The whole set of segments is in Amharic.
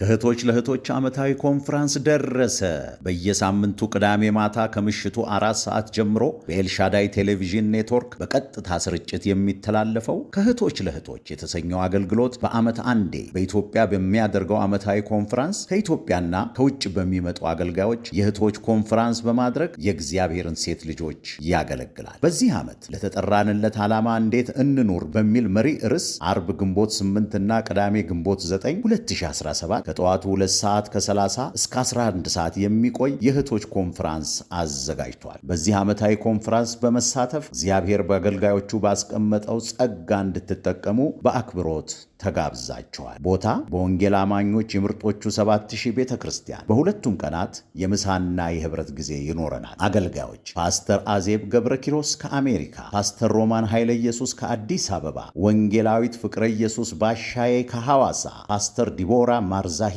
ከእህቶች ለእህቶች ዓመታዊ ኮንፈረንስ ደረሰ። በየሳምንቱ ቅዳሜ ማታ ከምሽቱ አራት ሰዓት ጀምሮ በኤልሻዳይ ቴሌቪዥን ኔትወርክ በቀጥታ ስርጭት የሚተላለፈው ከእህቶች ለእህቶች የተሰኘው አገልግሎት በዓመት አንዴ በኢትዮጵያ በሚያደርገው ዓመታዊ ኮንፈረንስ ከኢትዮጵያና ከውጭ በሚመጡ አገልጋዮች የእህቶች ኮንፍራንስ በማድረግ የእግዚአብሔርን ሴት ልጆች ያገለግላል። በዚህ ዓመት ለተጠራንለት ዓላማ እንዴት እንኑር በሚል መሪ ርዕስ አርብ ግንቦት 8 እና ቅዳሜ ግንቦት 9 2017 ከጠዋቱ 2 ሰዓት ከ30 እስከ 11 ሰዓት የሚቆይ የእህቶች ኮንፈራንስ አዘጋጅቷል። በዚህ ዓመታዊ ኮንፈራንስ በመሳተፍ እግዚአብሔር በአገልጋዮቹ ባስቀመጠው ጸጋ እንድትጠቀሙ በአክብሮት ተጋብዛቸዋል። ቦታ በወንጌል አማኞች የምርጦቹ 7000 ቤተ ክርስቲያን። በሁለቱም ቀናት የምሳና የህብረት ጊዜ ይኖረናል። አገልጋዮች ፓስተር አዜብ ገብረ ኪሮስ ከአሜሪካ፣ ፓስተር ሮማን ኃይለ ኢየሱስ ከአዲስ አበባ፣ ወንጌላዊት ፍቅረ ኢየሱስ ባሻዬ ከሐዋሳ፣ ፓስተር ዲቦራ ማርዝ አዛሂ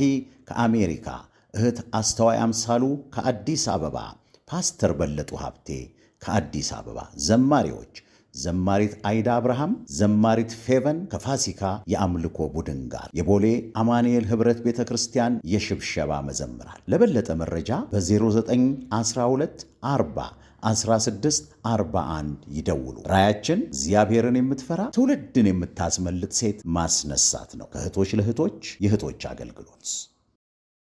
ከአሜሪካ፣ እህት አስተዋይ አምሳሉ ከአዲስ አበባ፣ ፓስተር በለጡ ሀብቴ ከአዲስ አበባ፣ ዘማሪዎች ዘማሪት አይዳ አብርሃም፣ ዘማሪት ፌቨን ከፋሲካ የአምልኮ ቡድን ጋር የቦሌ አማንኤል ህብረት ቤተ ክርስቲያን የሽብሸባ መዘምራል። ለበለጠ መረጃ በ0912 40 1641 ይደውሉ። ራያችን እግዚአብሔርን የምትፈራ ትውልድን የምታስመልጥ ሴት ማስነሳት ነው። ከእህቶች ለእህቶች የእህቶች አገልግሎት